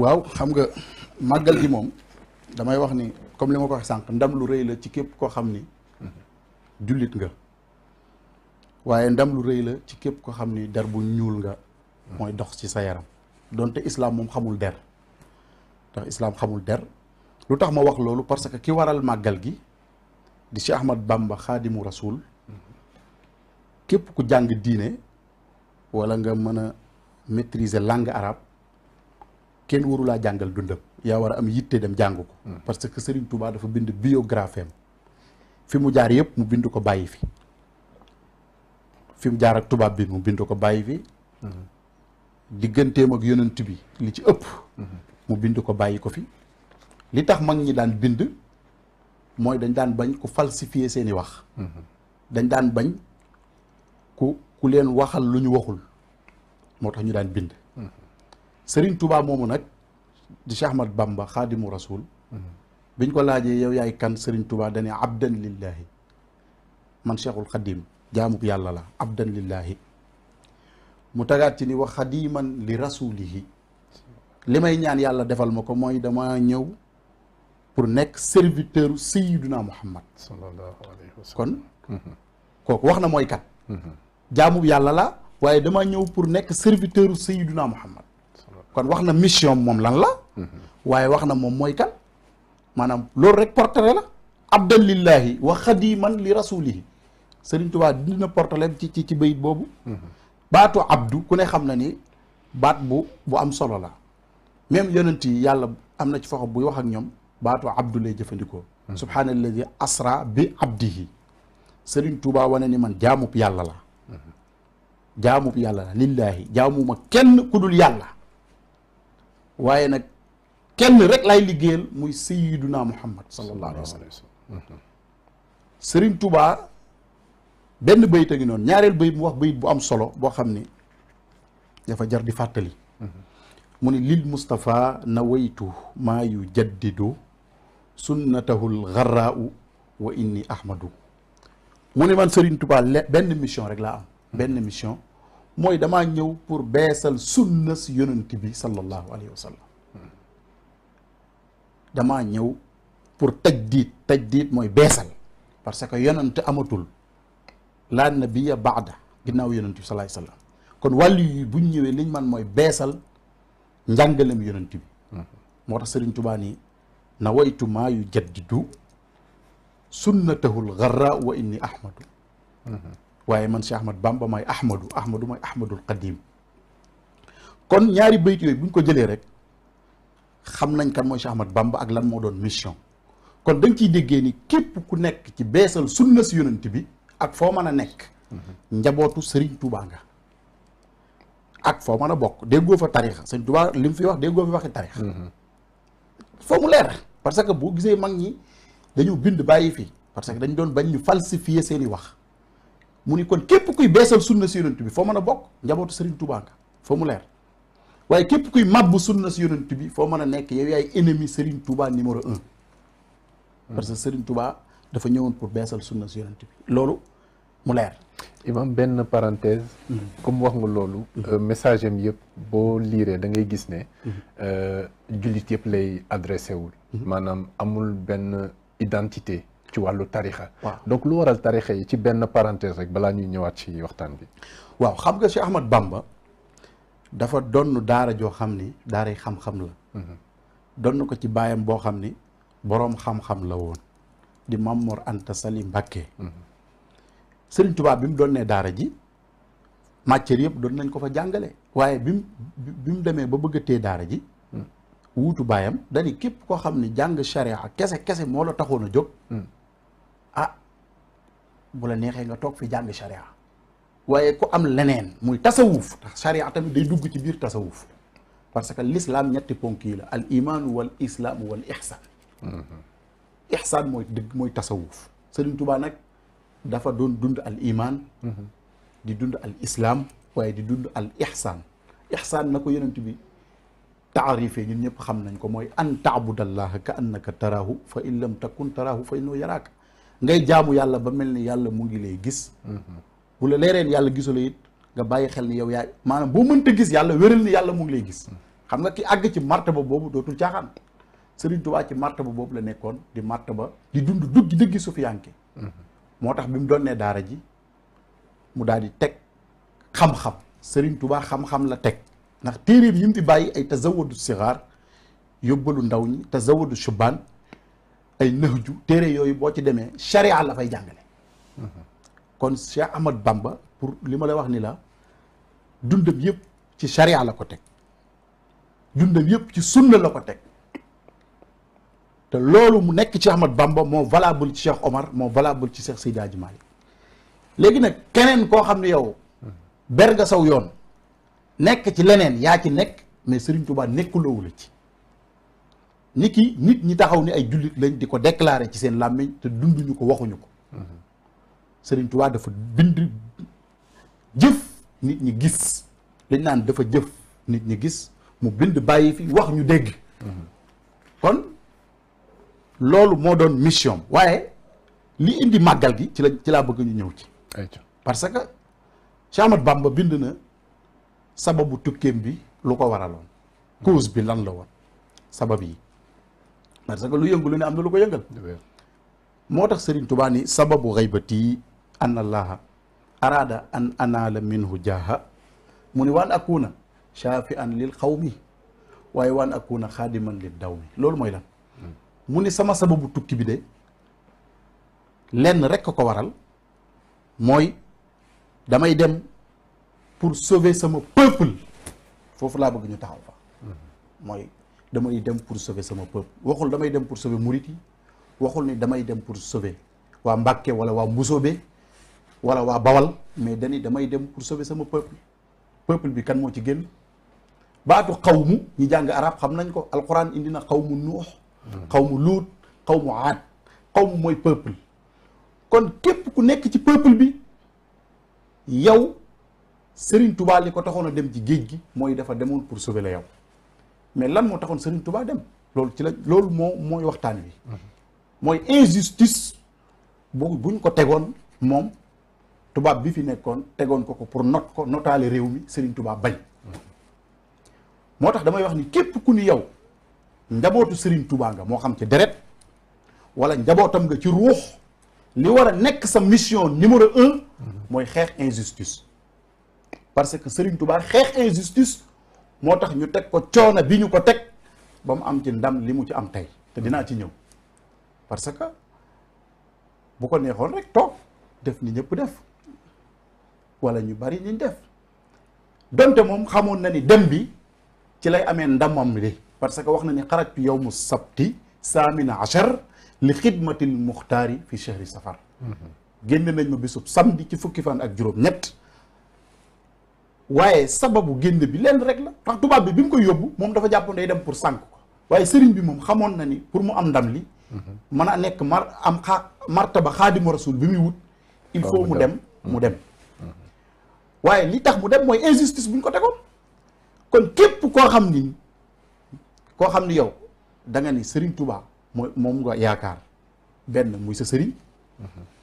waaw xam nga màggal gi moom damay wax ni comme li ma ko wax sànq ndam lu rëy la ci képp koo xam ni jullit nga waaye ndam lu rëy la ci képp koo xam ni der bu ñuul nga mooy dox ci sa yaram donte islaam moom xamul der ndax islam xamul der lu tax ma wax loolu parce que ki waral màggal gi di Cheikh Ahmad Bamba xaadimu rasul képp ku jàng diine wala nga mën a maîtriser langue arabe kenn warulaa jàngal dundam yaa war a am yitte dem jàng ko hmm. parce que Serigne Touba dafa bind biographie am fi mu jaar yëpp mu bind ko bàyyi fi fi mu jaar tubaab bi mu bind ko bàyyi fi hmm. digganteem ak yonent bi li ci ëpp hmm. mu bind ko bàyyi ko fi li tax mag ñi daan bind mooy dañ daan bañ ku falsifier seeni wax dañ daan bañ ku ku leen waxal lu ñu waxul moo tax ñu daan bind Serigne Touba moomu nag di Cheikh Ahmad Bamba xaadimu rasul biñ ko laajee yow yaay kan Serigne Touba dane abdan lillahi man cheikhul xadim jaamub yàlla la abdan lillahi mu tagaat ci ni wax xadiman li rasulihi li may ñaan yàlla defal ma ko mooy dama ñëw pour nekk serviteur sayiduna muhammad sallallahu alayhi wa sallam mhm. wax na mooy kat mhm. jaamub yàlla waaye dama ñëw pour nekk serviteur sayiduna muhammad kon wax na mission moom lan la. waaye wax na moom mooy kan maanaam loolu rek portrait la. abdalillahi wa xadiman li rasulihi Sëriñ Tuubaa dina portrait ci ci ci bayit boobu. baatu abdu ku ne xam na ni baat bu bu am solo la même yonent yi yàlla am na ci faxo buy wax ak ñoom baatu abdu lay jëfandikoo. Hmm. subhaanalladi asra bi abdihi Sëriñ Tuubaa wane ni man jaamub yàlla la. Hmm. jaamub yàlla la lillaahi jaamuma kenn ku dul yàlla. waaye nag kenn rek lay liggéeyal muy sayyiduna muhammad sallallahu alayhi wa sallam sëriñ tubaa benn bayit a ngi noonu ñaareel bayit mu wax bayit bu am solo boo xam ni dafa jar di fàttali mu ni lil na nawaytu maa yu jaddidu sunnatahul garraau wa inni ahmadu mu ne man sëriñ tubaa benn mission rek laa am benn mission mooy damaa ñëw pour beesal sunna si yonent bi sallallahu alayhi wa sallam damaa ñëw pour tajdiid tajdiid mooy beesal parce que yonent amatul laa nabiya baada ginnaaw yonent bi sallallahu alayhi wa kon wàllu yi buñ ñëwee liñ man mooy beesal njàngalem yonent bi moo tax Sëriñ Tubaa nii yu jaddidu sunnatahul garra wa inni ahmadu waaye man Cheikh Ahmad Bamba mooy Ahmadu Ahmadu mooy Ahmadul Qadim kon ñaari bayit yooyu bu ko jëlee rek xam nañ kan mooy Cheikh Ahmad Bamba ak lan moo doon mission kon dañ ciy déggee ni képp ku nekk ci beesal sunna si yonent bi ak foo mën a nekk mhm. njabootu Serigne Touba nga ak foo mën a bokk déggoo fa tarixa Serigne Touba li mu fi wax déggoo fi waxi tarix mhm. foo mu leer parce que boo gisee mag ñi dañu bind bàyyi fii parce que dañ doon bañ ñu falsifier seeni wax mu ni kon képp kuy beesal sunna si yonent bi foo mën a bokk njabootu Serigne Touba nga foo mu leer waaye képp kuy màbb sunna si yonent bi foo mën a nekk yow yaay ennemi Serigne Touba numéro un. Hmm. parce que Serigne Touba dafa ñëwoon pour beesal sunna si yonent bi loolu mu leer. ma benn parenthèse hmm. comme wax nga loolu hmm. euh, message am yëpp boo liiree da ngay gis ne euh, jullit yëpp lay adressé wul maanaam amul benn identité ci wàllu tarixa waaw donc lu waral tarixa yi ci benn parenthèse rek balaa ñuy ñëwaat ci waxtaan bi waaw xam nga Cheikh Ahmad Bamba dafa donn daara joo xam ni daaray xam-xam la mhm. donn ko ci baayam boo xam ni boroom xam-xam la woon di Mamor Anta Sali Mbakke mhm. Sëriñ Tuubaa bi mu donnee daara ji matière yëpp doon nañ ko fa jàngale waaye bi mu bi mu demee ba bëgg a daara ji mhm. wuutu baayam dani képp koo xam ne jàng charia kese kese moo la taxoon a jóg ah bu la neexee nga toog fi jàng sharia waaye ko am leneen muy tasawuf sharia tamit day dugg ci biir tasawuf parce que l'islam ñetti ponk yi la al iman wal islam wal ihsan mm-hmm. mooy dëgg mooy nag dafa doon dund al iman mm-hmm. di dund al islam waaye di dund al ihsan ihsan na ko yonent bi taarifee ñun ñëpp xam nañ ko mooy an taabudallaha ka annaka taraahu fa in lam takun taraahu fa innahu yaraaka ngay jaamu yàlla ba mel ni yàlla mu ngi lay gis bu la leereen yàlla gisula it nga bàyyi xel ni yow yaay maanaam boo mënta gis yàlla wéral ni yàlla mu ngi lay gis xam nga ki àgg ci martaba boobu dootul caaxaan Sëriñ Tuubaa ci martaba boobu la nekkoon di martaba di dund dugg dëgg sufiyanke moo tax bi doon nee daara ji mu daal di teg xam Sëriñ tubaa xam-xam la teg ndax téeréem yi mu fi bàyyi ay tazawadu sigaar yóbbalu ndaw ñi tazawadu shubaan ay ju téere yooyu boo ci demee charia la fay jàngale kon Cheikh Ahmad Bamba pour li ma la wax ni la dundam yëpp ci charia la ko teg dundam yëpp ci sunna la ko teg te loolu mu nekk ci Ahmad Bamba moo valable ci Cheikh Omar moo valable ci Cheikh Seydi Hadji Malick léegi nag keneen koo xam ne yow ber nga saw yoon nekk ci leneen yaa ci nekk mais Serigne Touba nekkuloowu la ci ni ki nit ñi taxaw ni ay jullit lañ di ko déclarer ci seen làmmiñ te dunduñu ko waxuñu ko Sëriñ dafa bind jëf nit ñi gis dañ naan dafa jëf nit ñi gis mu bind bàyyi fi wax ñu dégg kon loolu moo doon mission waaye li indi màggal gi ci ci laa bëgg ñu ñëw ci parce que Cheikh Ahmad Bamba bind na sababu tukkeem bi lu ko waraloon cause bi lan la woon sabab yi parce que lu yëngu lu ne am na lu ko yëngal moo tax Sëriñ Tubaa ni sababu xaybati an allaha araada an anaala minhu jaaha mu ni waan akuuna shaafi an lil mi waaye waan akuuna xaadiman lil daw mi loolu mooy lan mu ni sama sababu tukki bi de lenn rek ko waral mooy damay dem pour sauver sama peuple foofu laa bëgg ñu taxaw fa hmm. damay dem pour sauver sama peuple waxul damay dem pour sauver murit yi waxul ni damay dem pour sauver waa Mbàkke wala waa Mbusoobe wala waa Bawal mais dani damay dem pour sauver sama peuple peuple bi kan moo ci génn baatu xawmu ñi jàng arab xam nañ ko alquran indi na xaw xawmu nuux xawmu luut xaw xawmu aad mu mooy peuple kon képp ku nekk ci peuple bi yow Serigne tubaal li ko taxoon a dem ci géej gi mooy dafa demoon pour sauver la yow mais lan moo taxoon Serigne Touba dem loolu ci la loolu moo mooy waxtaan wi. mooy injustice bu buñ ko tegoon moom tubaab bi fi nekkoon tegoon ko ko pour not ko notaale réew mi sëriñ Touba bañ. moo tax damay wax ni képp ku ni yow njabootu sëriñ Touba nga moo xam ci deret walla njabootam nga ci ruux li war a nekk sa mission numéro un. mooy xeex injustice. parce que Serigne Touba xeex injustice. moo tax ñu teg ko coono bi ñu ko teg ba mu am ci ndam li mu ci am tey te dinaa ci ñëw parce que bu ko neexoon rek toog def ni ñëpp def wala ñu bari ni def donte moom xamoon na ni dem bi ci lay amee ndamam li parce que wax na ni xarajtu yawmu sabti saamina achar li xidmatil muxtaari fi chahri safar mhm. génn nañ ma bisub samedi ci fukki fan ak juróom ñett waaye sababu génn bi lenn rek la ndax tubaab bi bi mu koy yóbbu moom dafa jàppoon day dem pour sànk ko waaye sëriñ bi moom xamoon na ni pour mu am ndam li mën a nekk mar am xaa martaba xaadimu rasul bi muy wut il faut mu dem mu dem waaye li tax mu dem mooy injustice bu ñu ko tegoon kon képp koo xam ni koo xam ni yow danga nga ni sëriñ Tuubaa mooy moom nga yaakaar benn muy sa sëriñ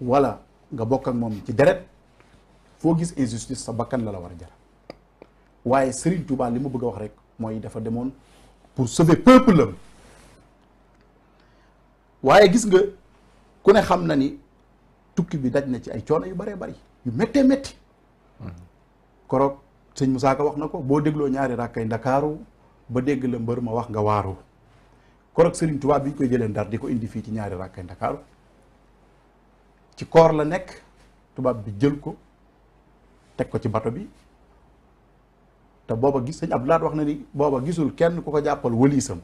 wala nga bokk ak moom ci deret foo gis injustice sa bakkan la la war a jar waaye sëriñ Touba li ma bëgg a wax rek mooy dafa demoon pour sauver peuple am waaye gis nga ku ne xam na ni tukki bi daj na ci ay coono yu bëree bari yu méttee metti koroog sëñ Moussa Ka wax na ko boo dégloo ñaari rakkay ndakaaru ba dégg la mbër ma wax nga waaru koroog Serigne Touba bi ñu koy jëlee ndar di ko indi fii ci ñaari rakkay ndakaaru ci koor la nekk tubaab bi jël ko teg ko ci bato bi te booba gis sëñ Abdou Lahad wax na ni booba gisul kenn ku ko jàppal wëliisam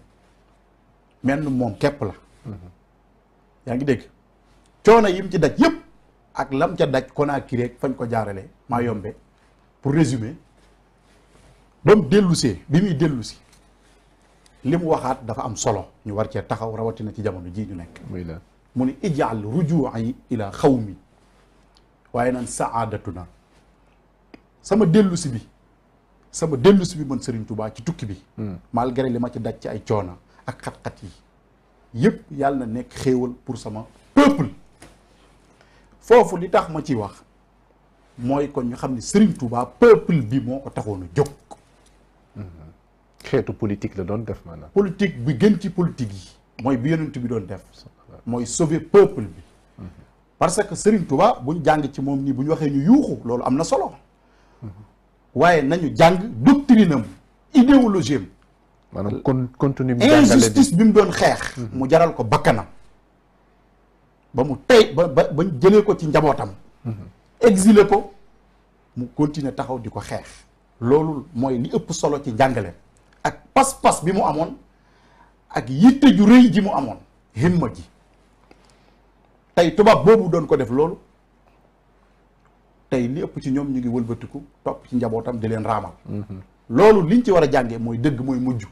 menn moom képp la yaa ngi dégg coono yim ci daj yëpp ak lam ca daj Conakry ak fañ ko jaarale maa yombe pour résumer ba mu dellusee bi muy dellusi li mu waxaat dafa am solo ñu war cee taxaw rawatina ci jamono ji ñu nekk mu ni ijaal rujuu'i ila xawmi waaye naan saadatuna sama dellusi bi sama dellusi bi mën Serigne tubaa ci tukki bi. Hmm. malgré li ma ci daj ci ay coona ak xat-xat yi yëpp yàlla na nekk xéewal pour sama peuple foofu li tax ma ciy wax mooy kon ñu xam ne Serigne Touba peuple bi moo ko taxoon a jóg. Hmm. xeetu politique la doon def maanaam. politique bi gën ci politique yi. mooy bi yonent bi doon def. mooy sauver peuple bi. Hmm. parce que Serigne Touba buñ jàng ci moom nii bu ñu waxee ñu yuuxu loolu am na solo. waaye nañu jàng doctrine am idéologie am maanaam kon continue injustice bi mu doon xeex mhm. mu jaral ko bakkanam ba mu tey ba ba jëlee ko ci njabootam mhm. exile ko mu continuer taxaw di ko xeex loolu mooy li ëpp solo ci njàngale ak pas-pas bi mu amoon ak yitte ju rëy ji mu amoon himma ji tey tubaab boobu doon ko def loolu tey li ëpp ci ñoom ñu ngi wëlbatiku topp ci njabootam di leen raamal loolu liñ ci war a jàngee mooy dëgg mooy mujj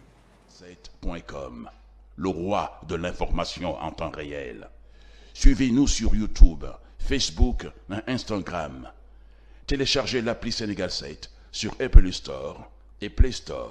point com le roi de l'information en temps réel suivez-nous sur YouTube Facebook et Instagram téléchargez l'appli Sénégal 7 sur Apple Store et Play Store